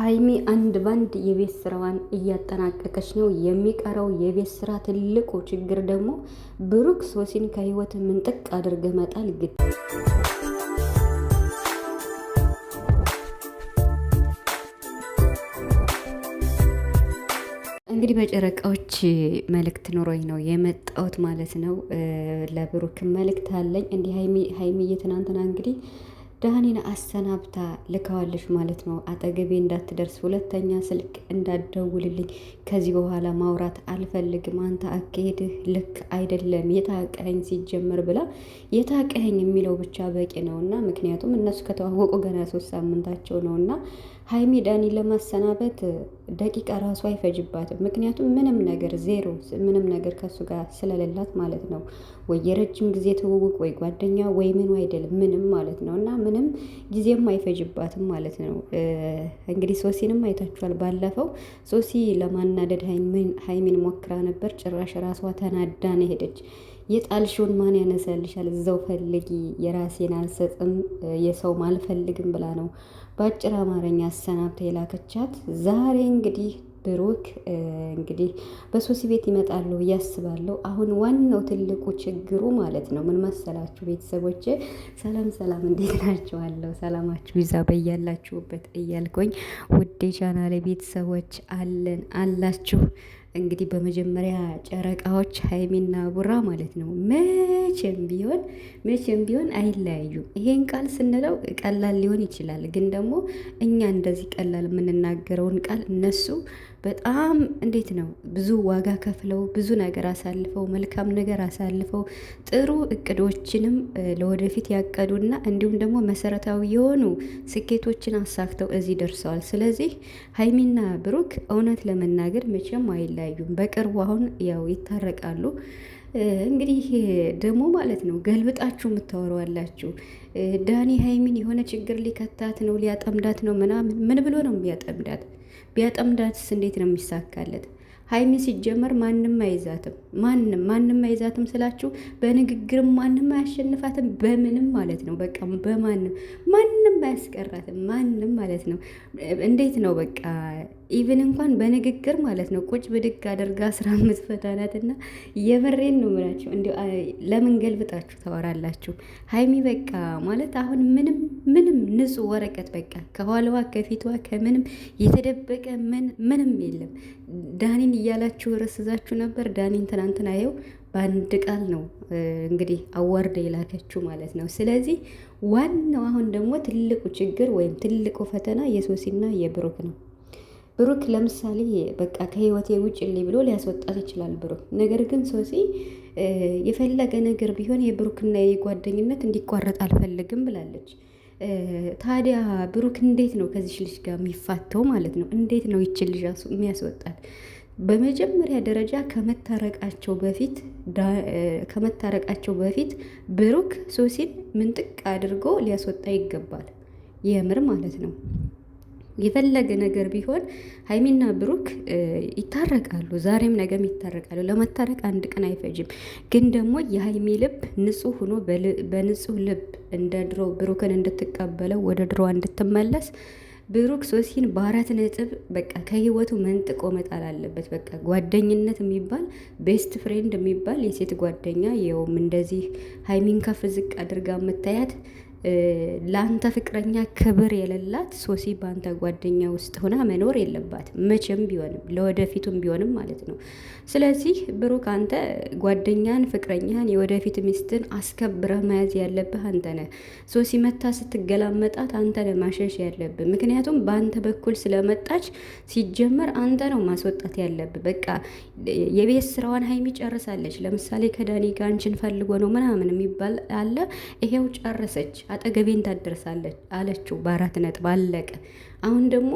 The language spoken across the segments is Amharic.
ሀይሚ አንድ ባንድ የቤት ስራዋን እያጠናቀቀች ነው። የሚቀረው የቤት ስራ ትልቁ ችግር ደግሞ ብሩክ ሶሲን ከህይወት ምንጥቅ አድርገ መጣል ግድ እንግዲህ በጨረቃዎች መልእክት ኑሮኝ ነው የመጣሁት ማለት ነው። ለብሩክ መልእክት አለኝ። እንዲህ ሀይሚ እየትናንትና እንግዲህ ዳኒን አሰናብታ ልካዋለች ማለት ነው። አጠገቤ እንዳትደርስ፣ ሁለተኛ ስልክ እንዳደውልልኝ ከዚህ በኋላ ማውራት አልፈልግም፣ አንተ አካሄድህ ልክ አይደለም፣ የታቀኸኝ ሲጀመር ብላ የታቀኸኝ የሚለው ብቻ በቂ እና ምክንያቱም እነሱ ከተዋወቁ ገና ሶስት ሳምንታቸው እና ሀይሚ ዳኒን ለማሰናበት ደቂቃ ራሱ አይፈጅባትም። ምክንያቱም ምንም ነገር ዜሮ ምንም ነገር ከሱ ጋር ስለሌላት ማለት ነው። ወይ የረጅም ጊዜ ትውውቅ ወይ ጓደኛ ወይ ምኑ አይደለም ምንም ማለት ነው። እና ምንም ጊዜም አይፈጅባትም ማለት ነው። እንግዲህ ሶሲንም አይታችኋል። ባለፈው ሶሲ ለማናደድ ሀይሚን ሞክራ ነበር። ጭራሽ ራሷ ተናዳ ነው ሄደች። የጣልሽውን ማን ያነሳልሻል? እዛው ፈልጊ፣ የራሴን አልሰጥም የሰውም አልፈልግም ብላ ነው በአጭር አማርኛ አሰናብታ የላከቻት። ዛሬ እንግዲህ ብሩክ እንግዲህ በሶሲ ቤት ይመጣሉ ብዬ አስባለሁ። አሁን ዋናው ትልቁ ችግሩ ማለት ነው ምን መሰላችሁ ቤተሰቦች ሰላም ሰላም፣ እንዴት ናችኋለሁ? ሰላማችሁ ይዛ በያላችሁበት እያልኩኝ ውዴ ቻናሌ ቤተሰቦች አለን አላችሁ እንግዲህ በመጀመሪያ ጨረቃዎች ሀይሚና ቡራ ማለት ነው። መቼም ቢሆን መቼም ቢሆን አይለያዩም። ይሄን ቃል ስንለው ቀላል ሊሆን ይችላል፣ ግን ደግሞ እኛ እንደዚህ ቀላል የምንናገረውን ቃል እነሱ በጣም እንዴት ነው ብዙ ዋጋ ከፍለው ብዙ ነገር አሳልፈው መልካም ነገር አሳልፈው ጥሩ እቅዶችንም ለወደፊት ያቀዱና እንዲሁም ደግሞ መሰረታዊ የሆኑ ስኬቶችን አሳክተው እዚህ ደርሰዋል። ስለዚህ ሀይሚና ብሩክ እውነት ለመናገር መቼም አይለያዩም። በቅርቡ አሁን ያው ይታረቃሉ። እንግዲህ ደግሞ ማለት ነው ገልብጣችሁ የምታወረዋላችሁ ዳኒ ሀይሚን የሆነ ችግር ሊከታት ነው ሊያጠምዳት ነው ምናምን ምን ብሎ ነው የሚያጠምዳት? ቢያጠምዳትስ እንዴት ነው የሚሳካለት? ሀይሚ ሲጀመር ማንም አይዛትም። ማንም ማንም አይዛትም ስላችሁ በንግግርም ማንም አያሸንፋትም፣ በምንም ማለት ነው። በቃ በማንም ማንም አያስቀራትም፣ ማንም ማለት ነው። እንዴት ነው በቃ ኢቭን እንኳን በንግግር ማለት ነው ቁጭ ብድግ አድርጋ ስራ ምትፈታናት እና የምሬን ነው ምላችሁ። እንዲ ለምን ገልብጣችሁ ታወራላችሁ? ሀይሚ በቃ ማለት አሁን ምንም ምንም ንጹህ ወረቀት በቃ ከኋላዋ ከፊቷ ከምንም የተደበቀ ምንም የለም። ዳኒን እያላችሁ ረስዛችሁ ነበር። ዳኒን ትናንትና ይኸው በአንድ ቃል ነው እንግዲህ አዋርደ የላከችው ማለት ነው። ስለዚህ ዋናው አሁን ደግሞ ትልቁ ችግር ወይም ትልቁ ፈተና የሶሲና የብሩክ ነው። ብሩክ ለምሳሌ በቃ ከህይወቴ ውጭ ልኝ ብሎ ሊያስወጣት ይችላል ብሩክ። ነገር ግን ሶሲ የፈለገ ነገር ቢሆን የብሩክና የጓደኝነት እንዲቋረጥ አልፈልግም ብላለች። ታዲያ ብሩክ እንዴት ነው ከዚች ልጅ ጋር የሚፋተው ማለት ነው? እንዴት ነው ይችል ልጅ የሚያስወጣት? በመጀመሪያ ደረጃ ከመታረቃቸው በፊት ከመታረቃቸው በፊት ብሩክ ሶሲን ምንጥቅ አድርጎ ሊያስወጣ ይገባል። የምር ማለት ነው። የፈለገ ነገር ቢሆን ሀይሚና ብሩክ ይታረቃሉ። ዛሬም ነገም ይታረቃሉ። ለመታረቅ አንድ ቀን አይፈጅም። ግን ደግሞ የሀይሚ ልብ ንጹህ ሆኖ በንጹህ ልብ እንደ ድሮ ብሩክን እንድትቀበለው ወደ ድሮዋ እንድትመለስ ብሩክ ሶሲን በአራት ነጥብ በቃ ከህይወቱ መንጥቆ መጣል አለበት። በቃ ጓደኝነት የሚባል ቤስት ፍሬንድ የሚባል የሴት ጓደኛ የውም እንደዚህ ሀይሚን ከፍ ዝቅ አድርጋ የምታያት ለአንተ ፍቅረኛ ክብር የሌላት ሶሲ በአንተ ጓደኛ ውስጥ ሆና መኖር የለባትም መቼም ቢሆንም ለወደፊቱም ቢሆንም ማለት ነው። ስለዚህ ብሩክ አንተ ጓደኛን፣ ፍቅረኛን፣ የወደፊት ሚስትን አስከብረህ መያዝ ያለብህ አንተ ነህ። ሶሲ መታ ስትገላመጣት አንተ ነህ ማሸሽ ያለብህ። ምክንያቱም በአንተ በኩል ስለመጣች ሲጀመር አንተ ነው ማስወጣት ያለብህ። በቃ የቤት ስራዋን ሀይሚ ጨርሳለች። ለምሳሌ ከዳኒ ጋር አንቺን ፈልጎ ነው ምናምን የሚባል አለ። ይሄው ጨርሰች። አጠገቤ እንዳደርሳለች አለችው። በአራት ነጥብ አለቀ። አሁን ደግሞ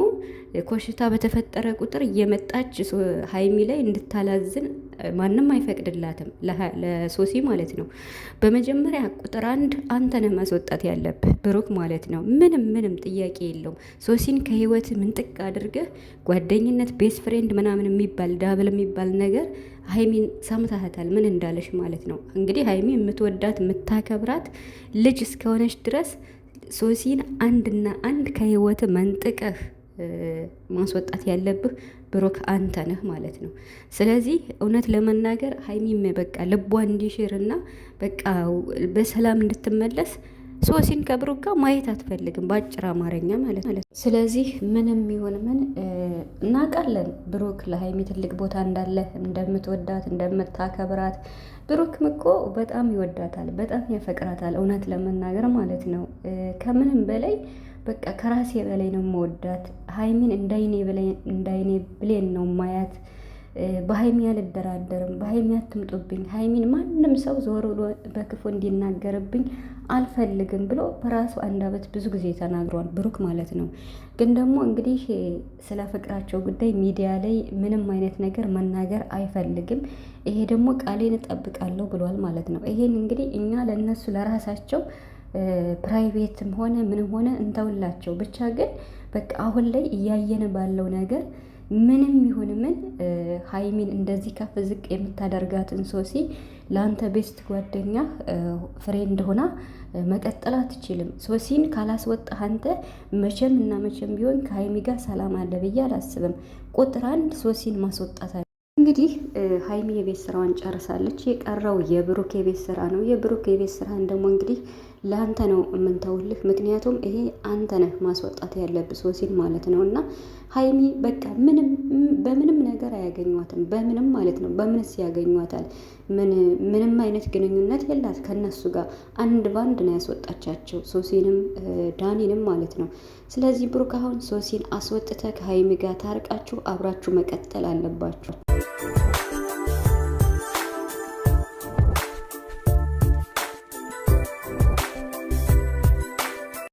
ኮሽታ በተፈጠረ ቁጥር እየመጣች ሀይሚ ላይ እንድታላዝን ማንም አይፈቅድላትም፣ ለሶሲ ማለት ነው። በመጀመሪያ ቁጥር አንድ አንተ ነህ ማስወጣት ያለብህ ብሩክ ማለት ነው። ምንም ምንም ጥያቄ የለውም። ሶሲን ከህይወት ምንጥቅ አድርገህ ጓደኝነት፣ ቤስት ፍሬንድ ምናምን የሚባል ዳብል የሚባል ነገር ሀይሚን ሰምታህታል፣ ምን እንዳለሽ ማለት ነው። እንግዲህ ሀይሚ የምትወዳት የምታከብራት ልጅ እስከሆነች ድረስ ሶሲን አንድና አንድ ከህይወት መንጥቀህ ማስወጣት ያለብህ ብሩክ አንተ ነህ ማለት ነው። ስለዚህ እውነት ለመናገር ሀይሚም በቃ ልቧ እንዲሽርና በቃ በሰላም እንድትመለስ ሶሲን ከብሩክ ጋር ማየት አትፈልግም፣ በአጭር አማርኛ ማለት ነው። ስለዚህ ምንም ይሁን ምን እናውቃለን ብሩክ ለሀይሚ ትልቅ ቦታ እንዳለ፣ እንደምትወዳት፣ እንደምታከብራት ብሩክም እኮ በጣም ይወዳታል፣ በጣም ያፈቅራታል። እውነት ለመናገር ማለት ነው ከምንም በላይ በቃ ከራሴ በላይ ነው የምወዳት ሀይሚን እንዳይኔ ብሌን ነው ማያት በሀይሚ አልደራደርም፣ በሀይሚ አትምጡብኝ፣ ሀይሚን ማንም ሰው ዞር ብሎ በክፉ እንዲናገርብኝ አልፈልግም ብሎ በራሱ አንደበት ብዙ ጊዜ ተናግሯል፣ ብሩክ ማለት ነው። ግን ደግሞ እንግዲህ ስለ ፍቅራቸው ጉዳይ ሚዲያ ላይ ምንም አይነት ነገር መናገር አይፈልግም። ይሄ ደግሞ ቃሌን እጠብቃለሁ ብሏል ማለት ነው። ይሄን እንግዲህ እኛ ለእነሱ ለራሳቸው ፕራይቬትም ሆነ ምንም ሆነ እንተውላቸው ብቻ ግን በቃ አሁን ላይ እያየን ባለው ነገር ምንም ይሁን ምን ሀይሚን እንደዚህ ከፍ ዝቅ የምታደርጋትን ሶሲ ለአንተ ቤስት ጓደኛ ፍሬ እንደሆና መቀጠል አትችልም። ሶሲን ካላስወጣህ አንተ መቼም እና መቼም ቢሆን ከሀይሚ ጋር ሰላም አለ ብዬ አላስብም። ቁጥር አንድ ሶሲን ማስወጣት እንግዲህ ሀይሚ የቤት ስራዋን ጨርሳለች። የቀረው የብሩክ የቤት ስራ ነው። የብሩክ የቤት ስራን ደግሞ እንግዲህ ለአንተ ነው የምንተውልህ፣ ምክንያቱም ይሄ አንተ ነህ ማስወጣት ያለብህ ሶሲን ማለት ነው። እና ሀይሚ በቃ ምንም በምንም ነገር አያገኟትም፣ በምንም ማለት ነው። በምንስ ያገኟታል? ምንም አይነት ግንኙነት የላት ከነሱ ጋር። አንድ ባንድ ነው ያስወጣቻቸው ሶሲንም ዳኒንም ማለት ነው። ስለዚህ ብሩክ አሁን ሶሲን አስወጥተ ከሀይሚ ጋር ታርቃችሁ አብራችሁ መቀጠል አለባችሁ።